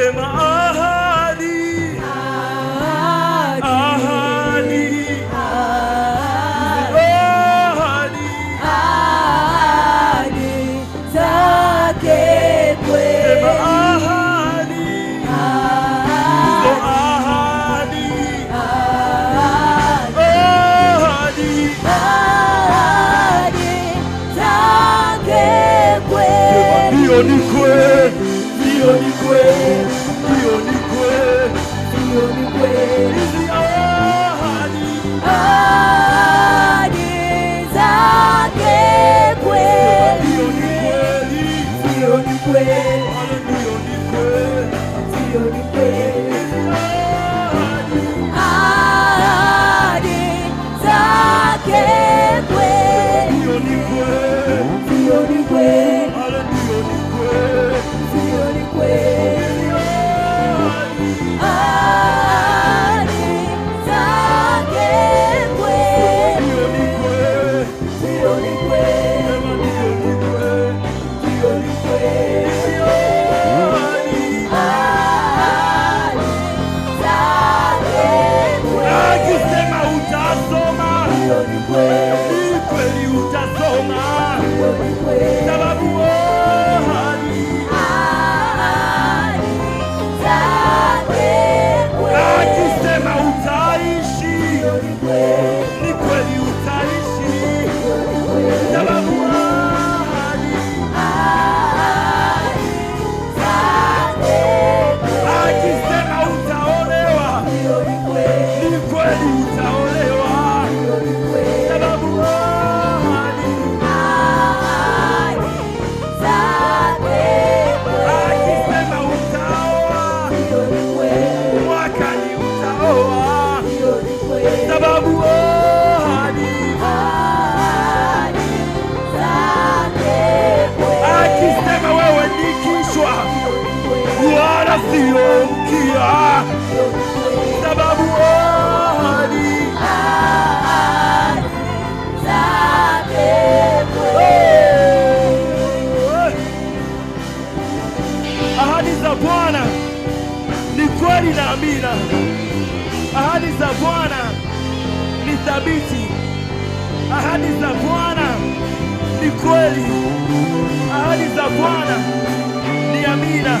Tema ah, the only fi onikwe, only onikwe kweli na amina. Ahadi za Bwana ni thabiti, ahadi za Bwana ni kweli, ahadi za Bwana ni amina.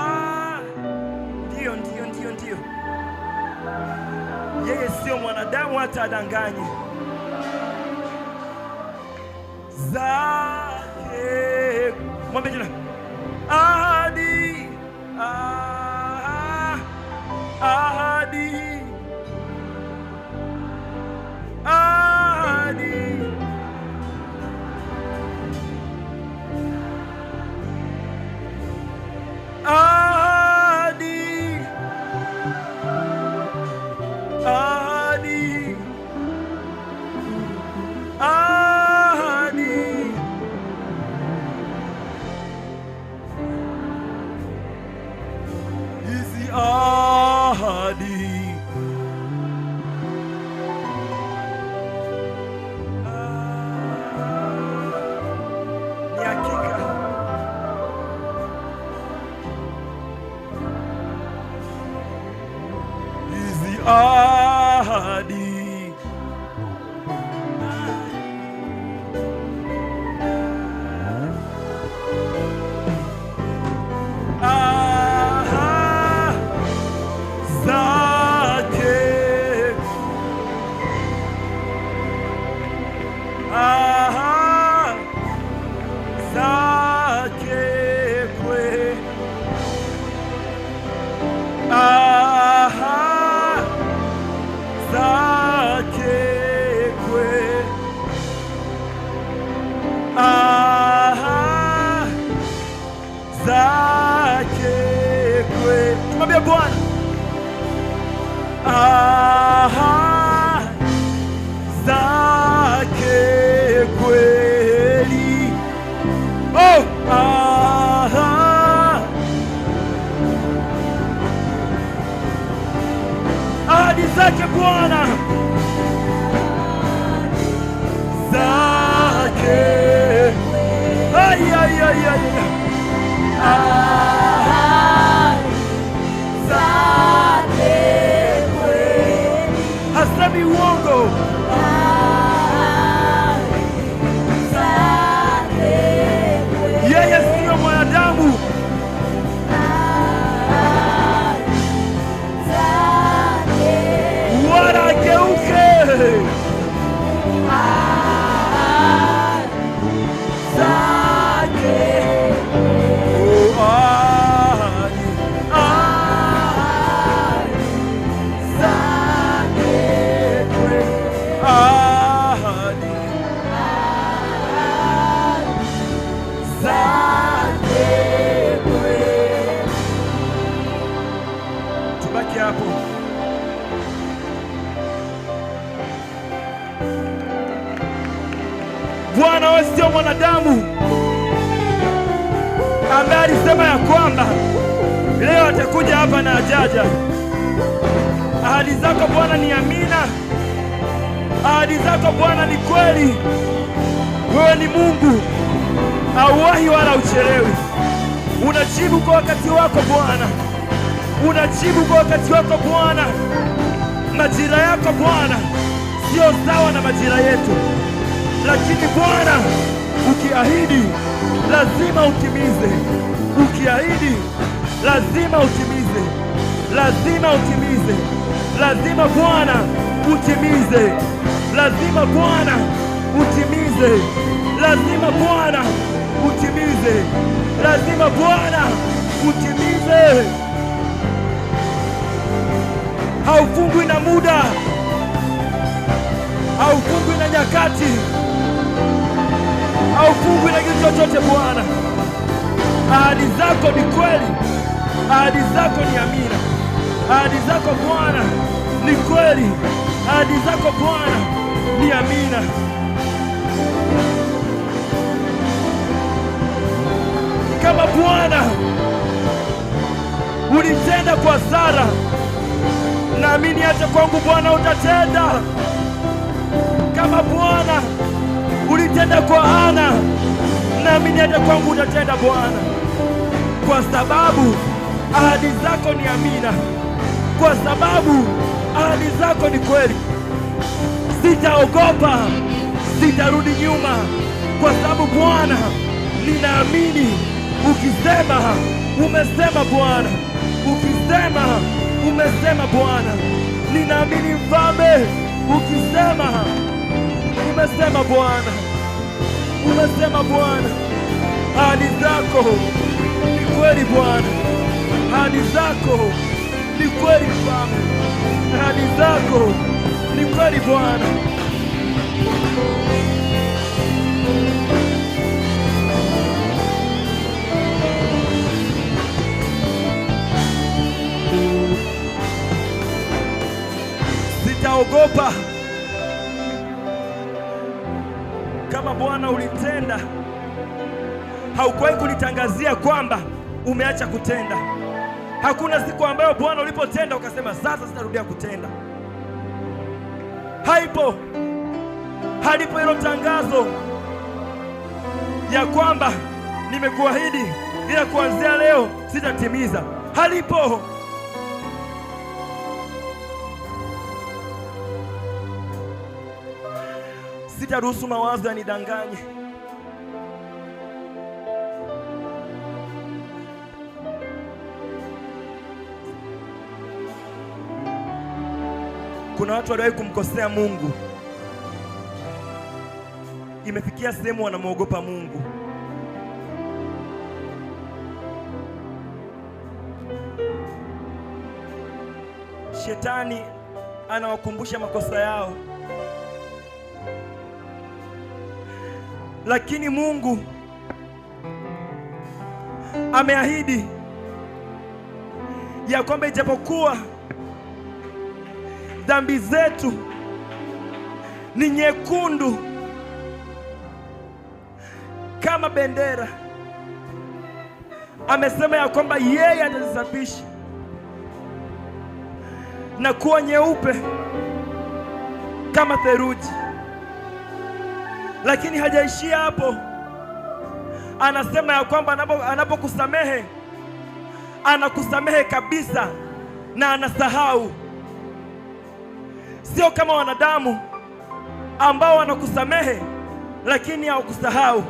Yeye sio mwanadamu hata adanganye. Zake mwambie jina ahadi, ahadi. Oh, ah, ah. Ahadi mwanadamu ambaye alisema ya kwamba leo atakuja hapa na ajaja. Ahadi zako Bwana ni amina, ahadi zako Bwana ni kweli. Wewe ni Mungu, hauwahi wala uchelewi. Unajibu kwa wakati wako Bwana, unajibu kwa wakati wako Bwana. Majira yako Bwana siyo sawa na majira yetu, lakini Bwana Ukiahidi lazima utimize, ukiahidi lazima utimize, lazima utimize, lazima Bwana utimize, lazima Bwana utimize, lazima Bwana utimize, lazima Bwana utimize. Haufungwi na muda, haufungwi na nyakati haufungwi na kitu chochote Bwana. Ahadi zako ni kweli, ahadi zako ni amina, ahadi zako Bwana ni kweli, ahadi zako Bwana ni amina. Kama Bwana ulitenda kwa Sara, naamini hata kwangu Bwana utatenda. Kama Bwana ulitenda kwa Hana, naamini hata kwangu utatenda Bwana, kwa sababu ahadi zako ni amina, kwa sababu ahadi zako ni kweli. Sitaogopa, sitarudi nyuma, kwa sababu Bwana ninaamini. Ukisema umesema Bwana, ukisema umesema Bwana, ninaamini Mfalme, ukisema Unasema Bwana, unasema Bwana, ahadi zako ni kweli Bwana, ahadi zako ni kweli Bwana, ahadi zako ni kweli Bwana. Sitaogopa. Bwana ulitenda, haukuwahi kulitangazia kwamba umeacha kutenda. Hakuna siku ambayo Bwana ulipotenda ukasema sasa sitarudia kutenda. Haipo, halipo hilo tangazo ya kwamba nimekuahidi, ila kuanzia leo sitatimiza. Halipo. sitaruhusu mawazo yanidanganye. Kuna watu waliwahi kumkosea Mungu, imefikia sehemu wanamwogopa Mungu. Shetani anawakumbusha makosa yao. lakini Mungu ameahidi ya kwamba ijapokuwa dhambi zetu ni nyekundu kama bendera, amesema ya kwamba yeye atazisafisha na kuwa nyeupe kama theluji. Lakini hajaishia hapo, anasema ya kwamba anapokusamehe anakusamehe kabisa na anasahau. Sio kama wanadamu ambao wanakusamehe lakini hawakusahau.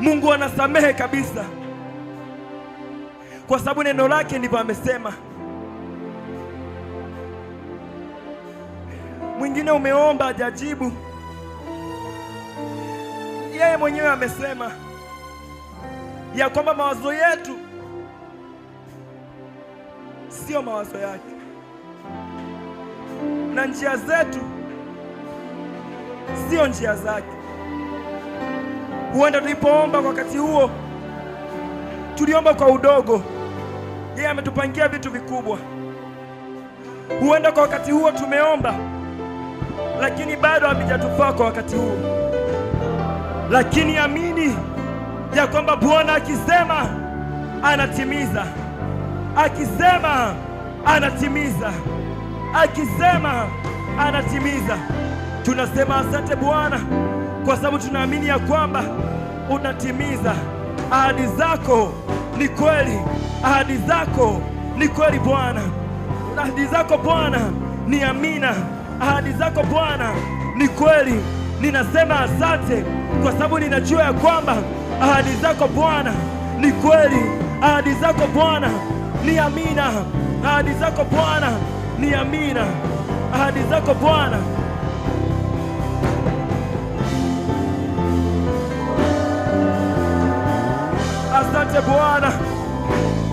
Mungu anasamehe kabisa, kwa sababu neno lake ndivyo amesema. mwingine umeomba hajajibu, yeye mwenyewe amesema ya kwamba mawazo yetu sio mawazo yake na njia zetu sio njia zake. Huenda tulipoomba kwa wakati huo tuliomba kwa udogo, yeye ametupangia vitu vikubwa. Huenda kwa wakati huo tumeomba lakini bado hamijatufaa kwa wakati huu. Lakini amini ya kwamba Bwana akisema anatimiza, akisema anatimiza, akisema anatimiza. Tunasema asante Bwana, kwa sababu tunaamini ya kwamba unatimiza ahadi zako. Ni kweli ahadi zako ni kweli Bwana, ahadi zako Bwana ni amina ahadi zako Bwana ni kweli. Ninasema asante kwa sababu ninajua ya kwamba ahadi zako Bwana ni kweli, ahadi zako Bwana ni amina, ahadi zako Bwana ni amina, ahadi zako Bwana Asante Bwana.